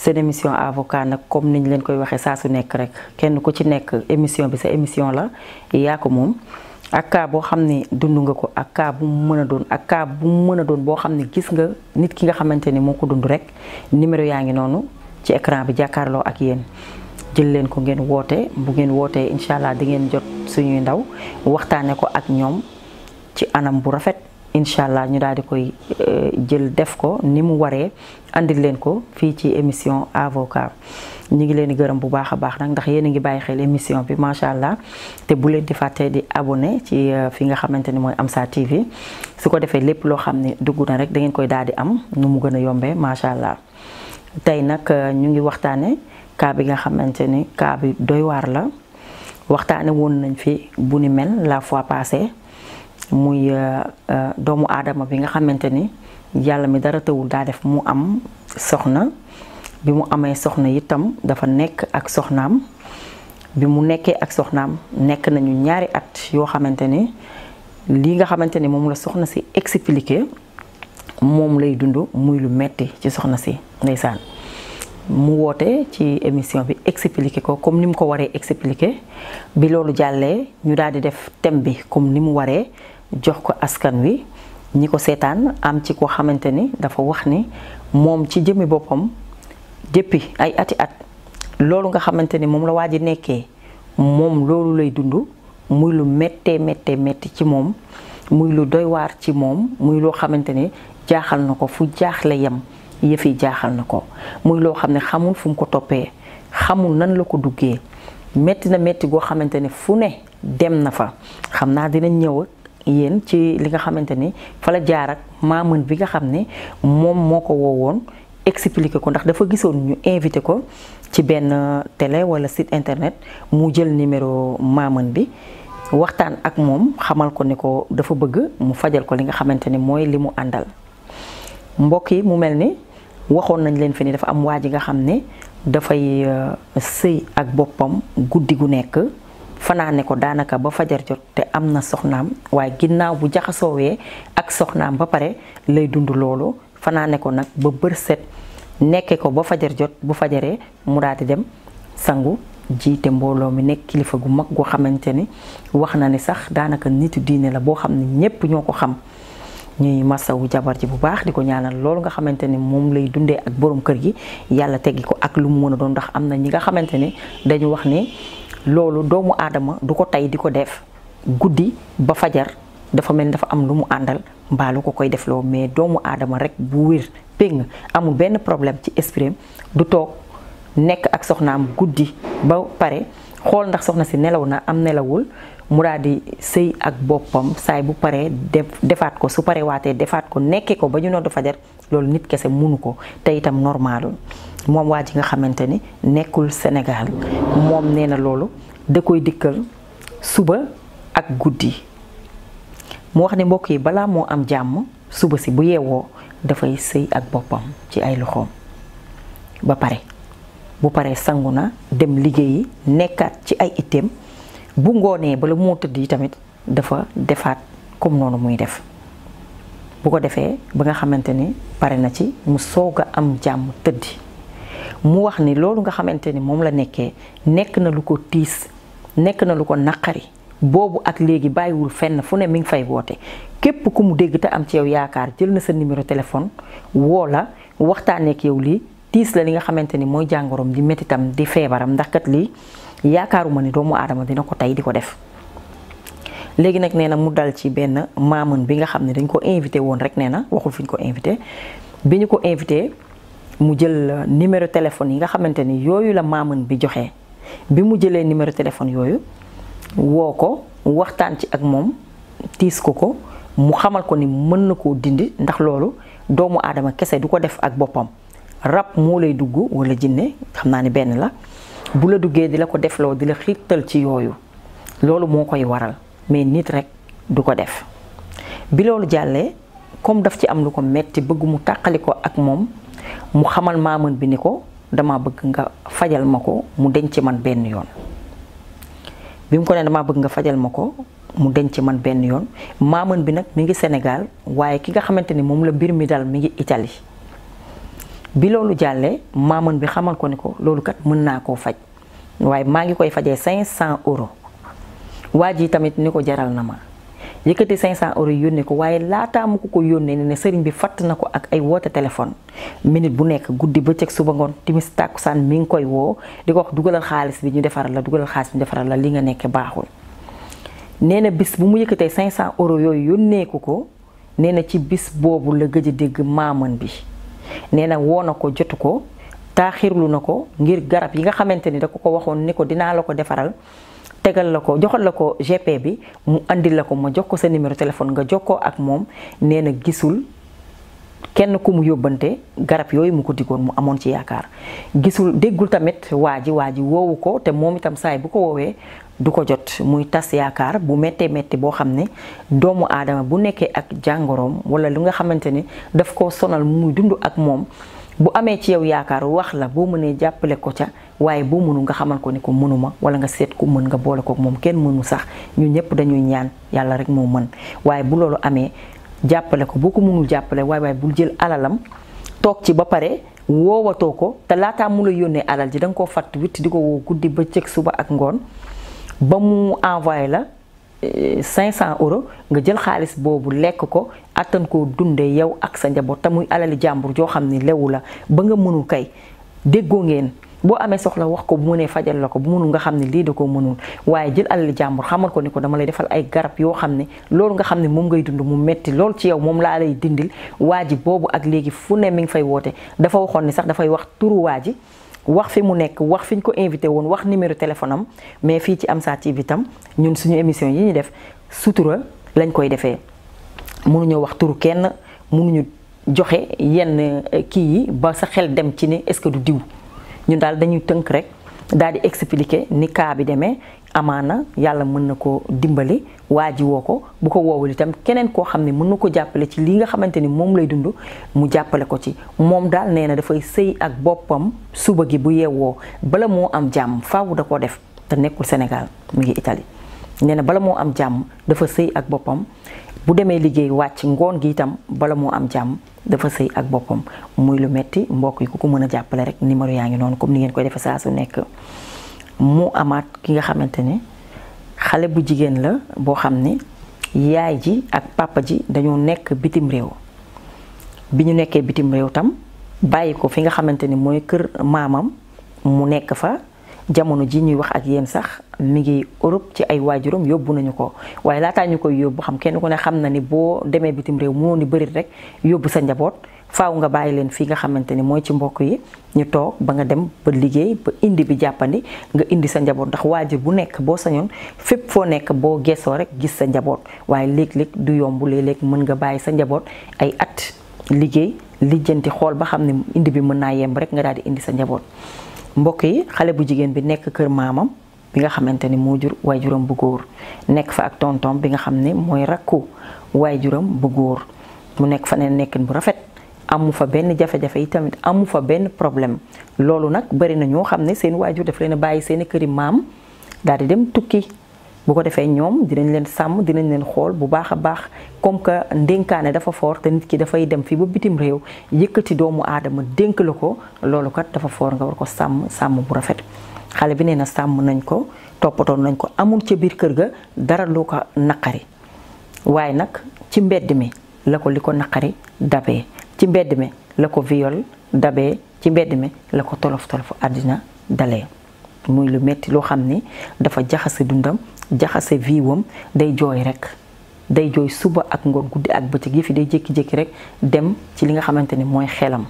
seen émission avocat nag comme niñ leen koy waxee saa su nekk rek kenn ku ci nekk émission bi sa émission la yaa ko moom ak cas boo xam ne dund nga ko ak cas bu mu mën a doon ak cas bu mu mën a doon boo xam ne gis nga nit ki nga xamante ni moo ko dund rek numéro yaa ngi noonu ci écran bi jàkkaarloo ak yéen jël leen ko ngeen woote bu ngeen wootee incha allah di ngeen jot suñuy ndaw waxtaanee ko ak ñoom ci anam bu rafet. incha allah ñu daal di koy euh, jël def ko ni mu waree andil leen ko fii ci émission avocat ñu ngi leen di gërëm bu baax a baax nag ndax yéen a ngi bàyyi xel émission bi macha allah te bu leen di fàtte di abone ci euh, fi nga xamante ni mooy Amsa TV su ko defee lépp loo xam ne dugg na rek da ngeen koy daal di am nu mu gën a yombee macha allah tey nag euh, ñu ngi waxtaane cas bi nga xamante ni cas bi doy waar la waxtaane woon nañ fi bu ni mel la fois passée. muy euh, euh, doomu aadama bi nga xamante ni yàlla mi dara tawul daa def mu am soxna bi mu amee soxna itam dafa nekk ak soxnaam bi mu nekkee ak soxnaam nekk nañu ñaari at yoo xamante ni lii nga xamante ni moom la soxna si expliqué moom lay dund muy lu metti ci soxna si ndeysaan mu woote ci émission bi expliqué ko comme ni mu ko waree expliqué bi loolu jàllee ñu daal di def thème bi comme ni mu waree jox ko askan wi ñi ko seetaan am ci koo xamante ni dafa wax ni moom ci jëmmi boppam depuis ay ati at loolu nga xamante ni moom la waa ji nekkee moom loolu lay dund muy lu méttee méttee métti ci moom muy lu doy waar ci moom muy loo xamante ni jaaxal na ko fu jaaxle yem yëfi jaaxal na ko muy loo xam ne xamul fum ko toppee xamul nan la ko duggee métti na métti goo xamante ne fu ne dem na fa xam naa dinañ ñëw yéen ci li nga xamante ni fa la jaar ak maamën bi nga xam ne moom moo ko woowoon expliqué ko ndax dafa gisoon ñu invité ko ci benn tele wala site internet mu jël numéro maamën bi waxtaan ak moom xamal ko ni ko dafa bëgg mu fajal ko li nga xamante ni mooy li mu àndal mbokk yi mu mel ni waxoon nañ leen fi ni dafa am waa ji nga xam ne dafay euh, sëy ak boppam guddi gu nekk fanaane ko daanaka ba fajar jot te am na soxnaam waaye ginnaaw bu jaxasoowee ak soxnaam ba pare lay dund loolu fanaane ko nag ba bër set nekke ko ba fajar jot bu fajaree mu daal di dem sangu jiite mbooloo mi nekk kilifa gu mag goo xamante ni wax na ni sax daanaka nitu diine la boo xam ne ñépp ñoo ko xam ñuy masawu jabar ji bu baax di ko ñaanal loolu nga xamante ni moom lay dundee ak boroom kër gi yàlla teggi ko ak lu mu mën a doon ndax am na ñi nga xamante ni dañu wax ni loolu doomu aadama du ko tey di ko def guddi ba fajar dafa mel ni dafa am lu mu àndal mbaa ko koy def loo mais doomu aadama rek bu wér péng amul benn problème ci esprit du toog nekk ak soxnaam guddi ba pare xool ndax soxna si nelaw na am nelawul mu daal di sëy ak boppam saay bu paree defaat ko su pare waatee defaat ko nekkee ko ba ñu noddu fajar loolu nit kese munu ko te itam normalul moom waa ji nga xamante ni nekkul senegaal moom nee na loolu da koy dikkal suba ak guddi mu wax ne mbokk yi balaa moo am jàmm suba si bu yeewoo dafay sëy ak boppam ci ay loxoom ba pare bu pare sangu na dem liggéeyi nekkaat ci ay itteem bu ngoonee bala moo tëdd yi tamit dafa defaat comme noonu muy def bu ko defee ba nga xamante ni pare na ci mu soog a am jàmm tëddi mu wax ni loolu nga xamante ni moom la nekkee nekk na lu ko tiis nekk na lu ko naqari boobu ak léegi bàyyiwul fenn fu ne mi ngi fay woote képp ku mu dégg te am ci yow yaakaar jël na sa numéro téléphone woo la waxtaanee ak yow lii tiis la li nga xamante ni mooy jàngoroom di métitam di feebaram ndax kat lii yaakaaruma ni doomu aadama dina ko tey di ko def. léegi nag nee na mu dal ci benn maamun bi nga xam ne dañ ko invité woon rek nee na waxul fi ñu ko invité bi ñu ko invité. mu jël euh, numéro téléphone yi nga xamante ni yooyu la maamun bi joxe bi mu jëlee numéro téléphone yooyu woo ko waxtaan ci ak moom tiis ko ko mu xamal ko ni mën na koo dindi ndax loolu doomu aadama kese du ko def ak boppam rab moo lay dugg wala jinne xam naa ni benn la bu la duggee di la ko defloo di la xiirtal ci yooyu loolu moo koy waral mais nit rek du ko def bi loolu jàllee comme daf ci am lu ko metti bëgg mu tàqali ko ak moom mu xamal maamun bi ni ko dama bëgg nga fajal ma ko mu denc man benn yoon bi mu ko ne dama bëgg nga fajal ma ko mu denc man benn yoon maamun bi nag mi ngi senegal waaye ki nga xamante ni moom la mbir mi dal mi ngi itali bi loolu jàllee maamun bi xamal ko ni ko loolu kat mën naa koo faj waaye maa ngi koy fajee cinq cent euros waa ji tamit ni ko jaral na ma yëkkati 500 euros yónnee ko waaye laataa mu ko ko yónnee ne ne sëriñ bi fatt na ko ak ay woote téléphone minit bu nekk guddi bëccëg suba ngoon timis tàkkusaan mi ngi koy woo di ko wax dugalal xaalis bi ñu defaral la dugalal xaalis bi defaral la li nga nekkee baaxul. nee na bis bu mu yëkkatee 500 euros yooyu yónnee ko ko nee na ci bis boobu la gëj a dégg maaman bi nee na woo na ko jotu ko taaxirlu na ko ngir garab yi nga xamante ni da ko ko waxoon ni ko dinaa la ko defaral. tegal la ko joxal la ko GP bi mu indi la ko ma jox ko sa numéro téléphone nga jokkoo ak moom nee na gisul kenn ku mu yóbbante garab yooyu mu ko digoon mu amoon ci yaakaar gisul déggul tamit waa ji waa ji woowu ko te moom itam saay bu ko woowee du ko jot muy tas yaakaar bu méttee métti boo xam ne doomu aadama bu nekkee ak jàngoroom wala lu nga xamante ne daf ko sonal muy dund ak moom bu amee ci yow yaakaar wax la boo mënee jàppale ko ca waaye boo mënu nga xamal ko ni ko mënuma wala nga seet ku mën nga boole ko moom kenn mënu sax ñu ñëpp dañuy ñaan yàlla rek moo mën waaye bu loolu amee jàppale ko boo ko mënul jàppale waaye waaye bul jël alalam toog ci ba pare woowatoo ko te mu la yónnee alal ji da nga koo fàtt witt di ko woo guddi ba cëg suba ak ngoon ba mu envoyé la cinq cent euros nga jël xaalis boobu lekk ko attan koo dundee yow ak sa njaboot te muy alali jàmbur joo xam ne lewu la ba nga mënul kay déggoo ngeen boo amee soxla wax ko bu mënee fajal la ko bu mënul nga xam ne lii da koo mënul waaye jël alali jàmbur xamal ko ni ko dama lay defal ay garab yoo xam ne loolu nga xam ne moom ngay dund mu metti lool ci yow moom laa lay dindil waa ji boobu ak léegi fu ne mi ngi fay woote dafa waxoon ni sax dafay wax turu ji wax fi mu nekk wax fi ñu ko invité woon wax numéro téléphone am mais fii ci Amsa TV tam ñun suñu émission yi ñu def sutura lañ koy defee mënuñoo wax turu kenn mënuñu joxe yenn eh, kii yi ba sa xel dem ci ne est-ce que du diw ñun daal dañuy tënk rek daal di expliquer ni cas bi demee amaana yàlla mën na ko dimbali waa ji woo ko bu ko woowul itam keneen koo xam ne mën na ko jàppale ci lii nga xamante ni moom lay dund mu jàppale ko ci moom daal nee na dafay sëy ak boppam suba gi bu yeewoo bala moo am jàmm faaw da ko def te nekkul Sénégal mu ngi Italie nee na bala moo am jàmm dafa sëy ak boppam bu demee liggéey wàcc ngoon gi itam bala moo am jàmm dafa sëy ak boppam muy lu metti mbokk yi ku ko mën a jàppale rek numéro yaa ngi noonu comme ni ngeen koy defee saa su nekk mu amaat ki nga xamante ne xale bu jigéen la boo xam ne yaay ji ak papa ji dañoo nekk bitim réew bi ñu nekkee bitim réew tam bàyyi ko fi nga xamante ni mooy kër maamam mu nekk fa jamono ji ñuy wax ak yéen sax mu ngi Europe ci ay waajuram yóbbu nañu ko waaye laataa ñu koy yóbbu xam kenn ku ne xam na ni boo demee bitim réew mënoon ni bëri rek yóbbu sa njaboot faaw nga bàyyi leen fii nga xamante ni mooy ci mbokk yi ñu toog ba nga dem ba liggéey ba indi bi jàppandi nga indi sa njaboot ndax waajur bu nekk boo sañoon fépp foo nekk boo gesoo rek gis sa njaboot waaye léeg-léeg du yomb léeg-léeg mën nga bàyyi sa njaboot ay at liggéey lijjanti xool ba xam ne indi bi mën naa yemb rek nga daal di indi sa njaboot mbokk yi xale bu jigéen bi nekk kër maamam bi nga xamante ni moo jur waajuram bu góor nekk fa ak tontom bi nga xam ne mooy rakku waajuram bu góor mu nekk fa ne nekkin bu rafet amu fa benn jafe-jafe yi tamit amu fa benn problème loolu nag bari na ñoo xam ne seen waajur daf leen a bàyyi seen këri maam daal di dem tukki bu ko defee ñoom dinañ leen sàmm dinañ leen xool bu baax a baax comme que ndénkaane dafa foor te nit ki dafay dem fii ba bitim réew yëkkati doomu aadama dénk la ko loolu kat dafa foor nga war ko sàmm sàmm bu rafet xale bi nee na sàmm nañ ko toppatoon nañ ko amul ca biir kër ga dara lu ko naqari waaye nag ci mbedd mi la ko li ko naqari dabee ci mbedd mi la ko viol dabe ci mbedd mi la ko tolof tolof àddina dale muy lu metti loo xam ni dafa jaxase dundam jaxase viiwam day jooy rek day jooy suba ak ngoon guddi ak bëccëg yëf yi day jékki-jékki rek dem ci li nga xamante ni mooy xelam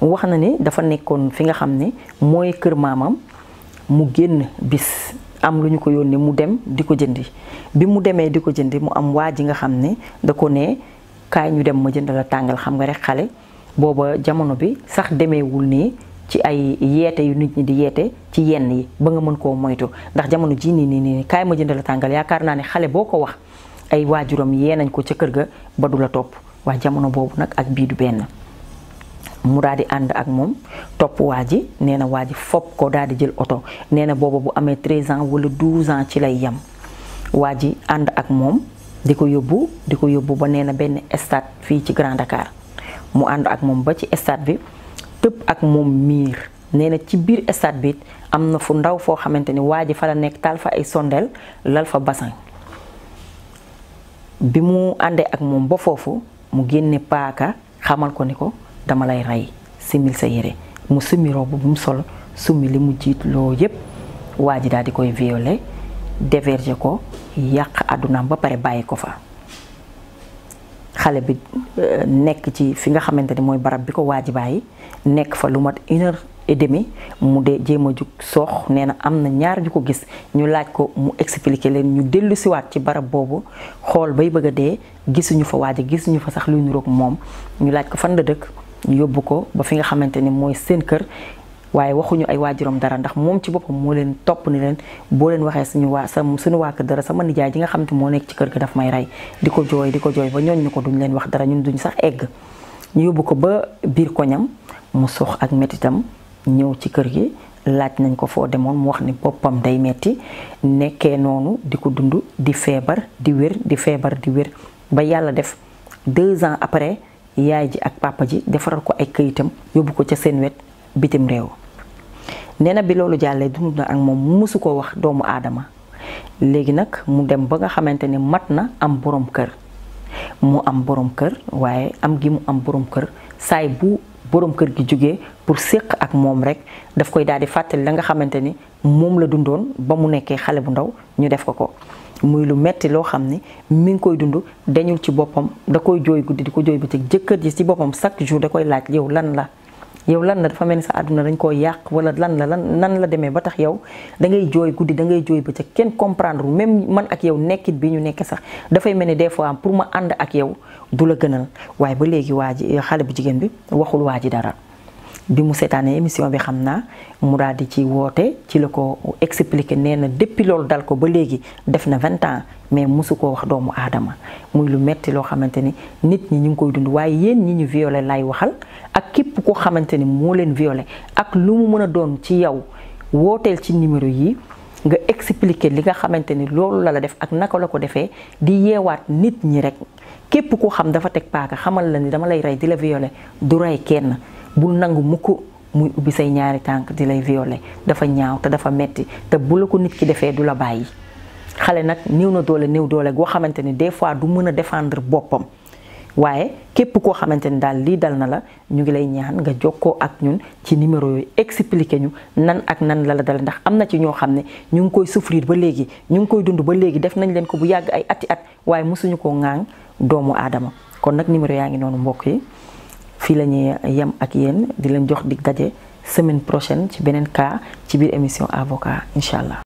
wax na ni dafa nekkoon fi nga xam ne mooy kër maamam mu génn bis am lu ñu ko yónnee mu dem di ko jëndi bi mu demee di ko jëndi mu am waa ji nga xam ne da ko ne kaay ñu dem ma jënd la tàngal xam nga rek xale booba jamono bi sax demeewul nii ci ay yeete yu nit ñi di yeete ci yenn yi ba nga mën koo moytu ndax jamono jii nii nii nii kaay ma jënd la tàngal yaakaar naa ne xale boo ko wax ay waajuram yee nañ ko ca kër ga ba du la topp waaye jamono boobu nag ak bii du benn. mu daal di ànd ak moom topp waa ji nee na waa ji fopp ko daal di jël oto nee na booba bu amee 13 ans wala 12 ans ci lay yem waa ji ànd ak moom. di ko yóbbu di ko yóbbu ba nee na benn stade fii ci Grand Dakar mu ànd ak moom ba ci stade bi tëb ak moom miir nee na ci biir stade bi am na fu ndaw foo xamante ni waa ji fa la nekk taal fa ay sondeel lal fa basan bi mu àndee ak moom ba foofu mu génne paaka xamal ko ni ko dama lay rey simil sa yére mu summi robe bu mu sol summi li mu jiitloo yépp waa ji daal di koy violer déverger ko yàq àddunaam ba pare bàyyi ko fa xale bi euh, nekk ci fi nga xamante ni mooy barab bi ko waaj bàyyi nekk fa lu mat une heure mu de jéem a jug soox nee na am na ñaar ñu ko gis ñu laaj ko mu expliquer leen ñu dellu siwaat ci barab boobu xool bay bëgg dee gisuñu fa waaj gisuñu fa sax luy nuroog moom ñu laaj ko fan la dëkk yóbbu ko ba fi nga xamante ni mooy seen kër waaye waxuñu ay waajuram dara ndax moom ci boppam moo leen topp ni leen boo leen waxee suñu waa sa suñu waa kër dara sama nijaay ji nga xam te moo nekk ci kër gi daf may rey di ko jooy di ko jooy ba ñooñu ko duñ leen wax dara ñun sax egg ñu yóbbu ko ba biir koñam mu sox ak mettitam ñëw ci kër gi laaj nañ ko foo demoon mu wax ni boppam day metti nekkee noonu di ko dund di feebar di wér di feebar di wér ba yàlla def deux ans après yaay ji ak papa ji defaral ko ay këyitam yóbbu ko ca seen wet bitim réew nee na bi loolu jàllee dund na ak moom mësu ko wax doomu aadama léegi nag mu dem ba nga xamante ni mat na am borom kër mu am borom kër waaye am gi mu am borom kër saay bu borom kër gi jógee pour séq ak moom rek daf koy daal di fàttali la nga xamante ni moom la dundoon ba mu nekkee xale bu ndaw ñu def ko ko muy lu metti loo xam ni mu ngi koy dund dañul ci boppam da koy jooy guddi di ko jooy bëccëg jëkkër ji ci boppam chaque jour da koy laaj yow lan la yow lan la dafa mel ni sa àdduna dañ koo yàq wala lan la lan nan la demee ba tax yow da ngay jooy guddi dangay ngay jooy bëccëg kenn comprendre même man ak yow nekkit bi ñu nekk sax dafay mel ni des fois pour ma ànd ak yow du la gënal waaye ba léegi waa ji xale bu jigéen bi waxul waa ji dara. bi mu seetaanee émission bi xam naa mu di ci woote ci la ko expliqué nee na depuis loolu dal ko ba léegi def na vingt ans mais mosu koo wax doomu aadama muy lu metti loo xamante ni nit ñi ñu ngi koy dund waaye yéen ñi ñu violé lay waxal ak képp koo xamante ni moo leen viole ak lu mu mën a doon ci yow wooteel ci numéro yi nga expliqué li nga xamante ni loolu la la def ak naka la ko defee di yeewaat nit ñi rek képp koo xam dafa teg paaka xamal la ni dama lay rey di la violé du rey kenn bu nangu mukk muy ubbi say ñaari tànk di lay violer dafa ñaaw te dafa metti te bu la ko nit ki defee du la bàyyi xale nag néew na doole néew doole goo xamante ni des fois du mën a defendre boppam waaye képp koo xamante ni daal lii dal na la ñu ngi lay ñaan nga jokkoo ak ñun ci numéro yooyu expliqué ñu nan ak nan la la dal ndax am na ci ñoo xam ne ñu ngi koy souffrir ba léegi ñu ngi koy dund ba léegi def nañ leen ko bu yàgg ay ati at waaye mosuñu ko ŋaaŋ doomu aadama kon nag numéro yaa ngi noonu mbokk yi fii la ñuy yem ak yéen di leen jox dig daje semaine prochaine ci beneen cas ci biir émission avocat incha allah.